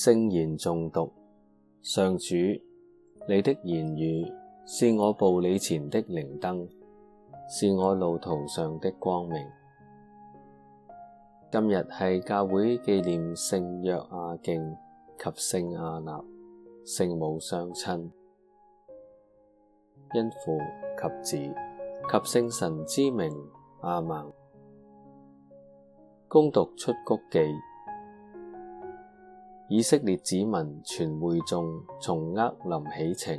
聖言中毒。上主，你的言語是我暴你前的靈燈，是我路途上的光明。今日係教會紀念聖若敬阿敬及聖阿納聖母相親，因父及子及聖神之名阿們。恭讀出谷記。以色列子民全會眾從厄林起程，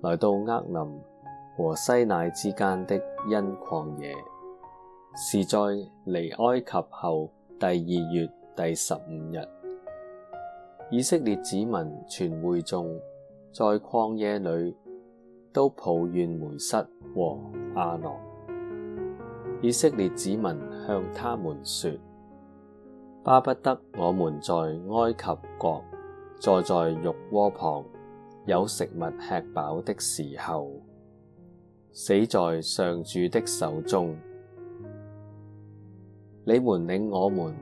來到厄林和西乃之間的欣曠野，時在離埃及後第二月第十五日。以色列子民全會眾在曠野裏都抱怨梅瑟和亞郎。以色列子民向他們說。巴不得我們在埃及國坐在肉鍋旁，有食物吃飽的時候，死在上主的手中！你們領我們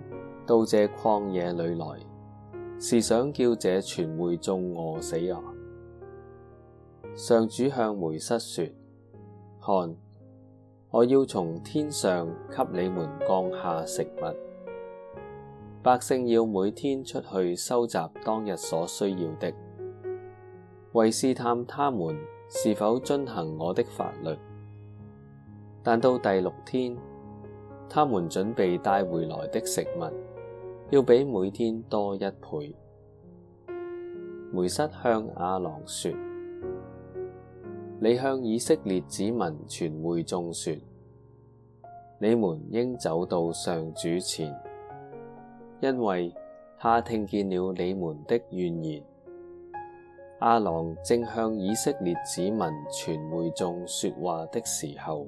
到這曠野裏來，是想叫這全會眾餓死啊！上主向梅瑟說：看，我要從天上給你們降下食物。百姓要每天出去收集當日所需要的，為試探他們是否遵行我的法律。但到第六天，他們準備帶回來的食物要比每天多一倍。梅瑟向亞郎說：你向以色列子民全會眾說，你們應走到上主前。因為他聽見了你們的怨言。亞郎正向以色列子民全會眾說話的時候，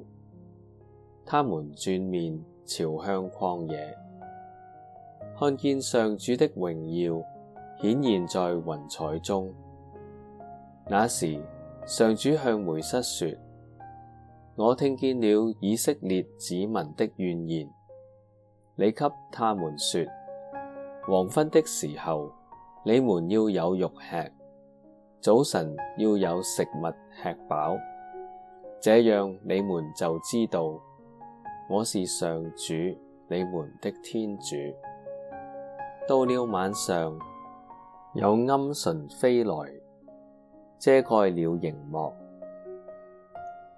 他們轉面朝向曠野，看見上主的榮耀顯現在雲彩中。那時，上主向梅瑟說：我聽見了以色列子民的怨言，你給他們說。黃昏的時候，你們要有肉吃；早晨要有食物吃飽，這樣你們就知道我是上主，你們的天主。到了晚上，有鵪鶉飛來，遮蓋了營幕；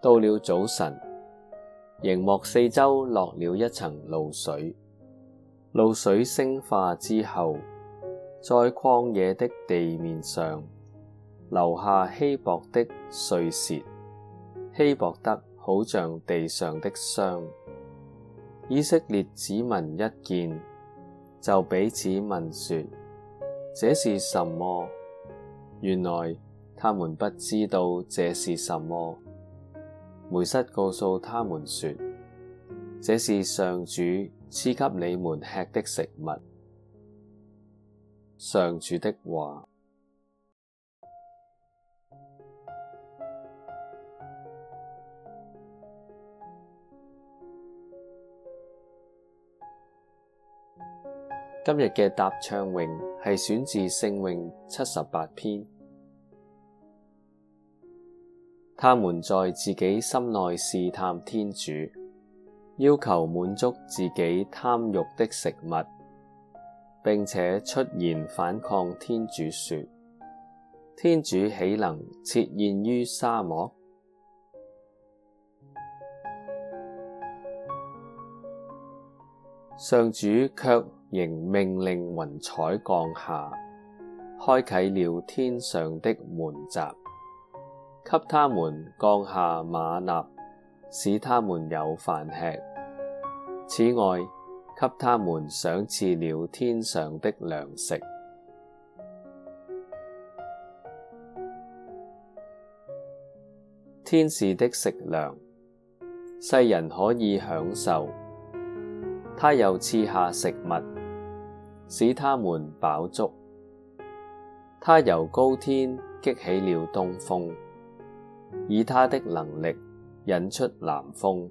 到了早晨，營幕四周落了一層露水。露水升化之後，在曠野的地面上留下稀薄的碎屑，稀薄得好像地上的霜。以色列子民一見，就彼此問說：這是什麼？原來他們不知道這是什麼。梅瑟告訴他們說：這是上主。賜給你們吃的食物。上主的話。今日嘅答唱詠係選自聖詠七十八篇。他們在自己心內試探天主。要求滿足自己貪欲的食物，並且出言反抗天主，說：天主豈能設宴於沙漠？上主卻仍命令雲彩降下，開啟了天上的門閘，給他們降下瑪納，使他們有飯吃。此外，給他們賞賜了天上的糧食，天使的食糧，世人可以享受。他又賜下食物，使他們飽足。他由高天激起了東風，以他的能力引出南風。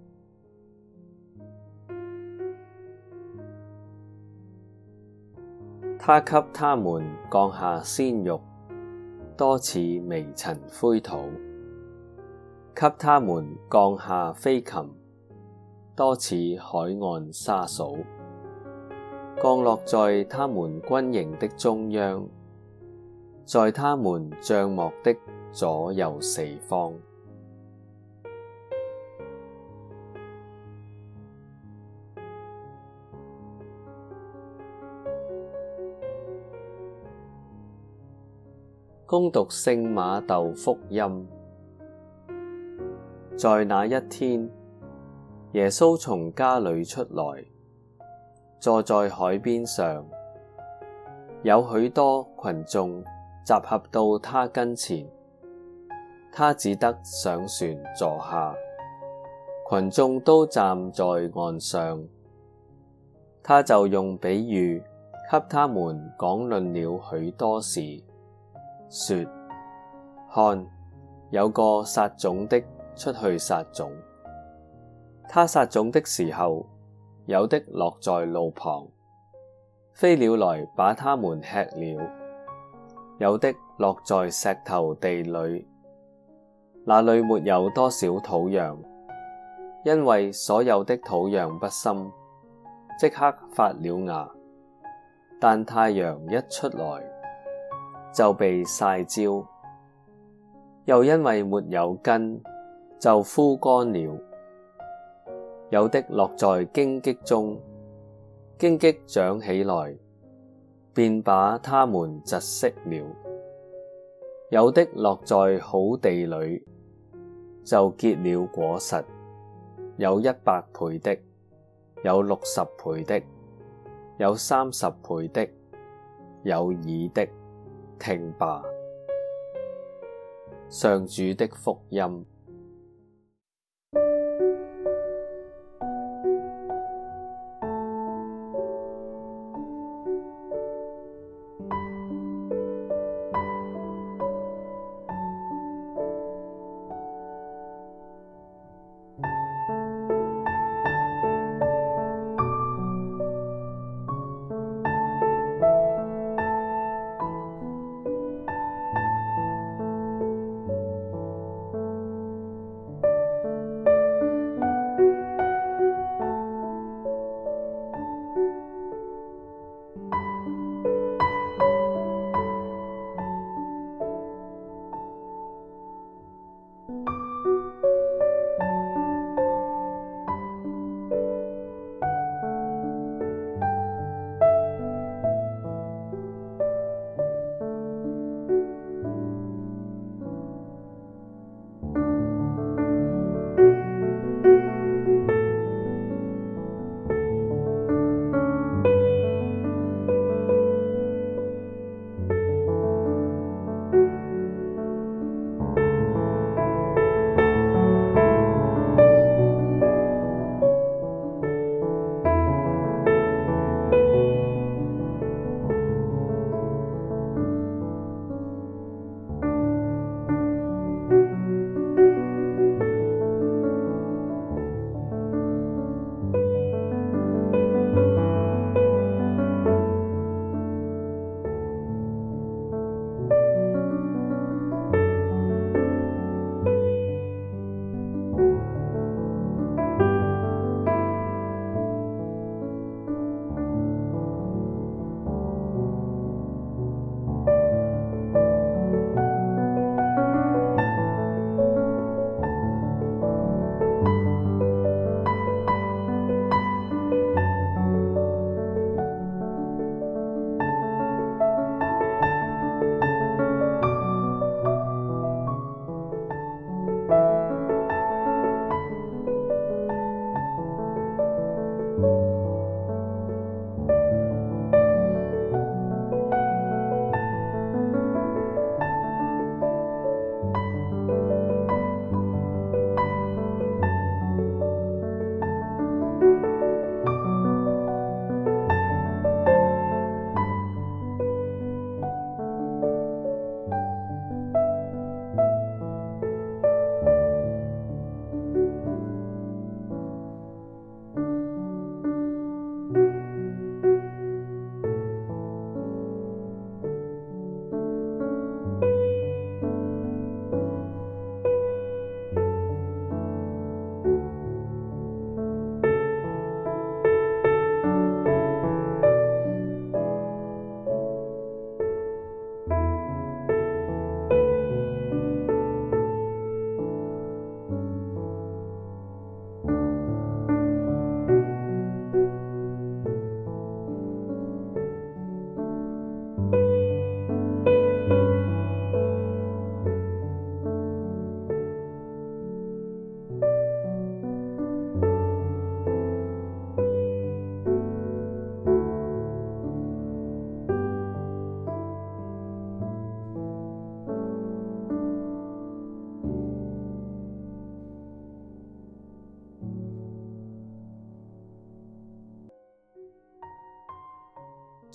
他給他們降下鮮肉，多似微塵灰土；給他們降下飛禽，多似海岸沙數。降落在他們軍營的中央，在他們帳幕的左右四方。恭讀聖馬竇福音，在那一天，耶穌從家裏出來，坐在海邊上，有許多群眾集合到他跟前，他只得上船坐下，群眾都站在岸上，他就用比喻給他們講論了許多事。說，看，有個撒種的出去撒種，他撒種的時候，有的落在路旁，飛鳥來把他們吃了；有的落在石頭地裏，那裏沒有多少土壤，因為所有的土壤不深，即刻發了芽。但太陽一出來，就被曬焦，又因為沒有根就枯乾了。有的落在荊棘中，荊棘長起來便把它們窒息了。有的落在好地裏，就結了果實，有一百倍的，有六十倍的，有三十倍的，有耳的。聽吧！上主的福音。